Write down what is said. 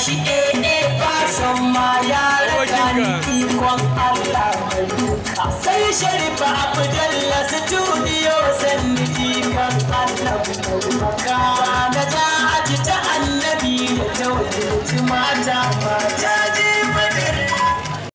gashi eh eh san ma ya raka ni ikon Allah mai duka sai sharifa abdalla studio sanni ikon Allah mai na ja aji ta annabi da ta wajen mata mata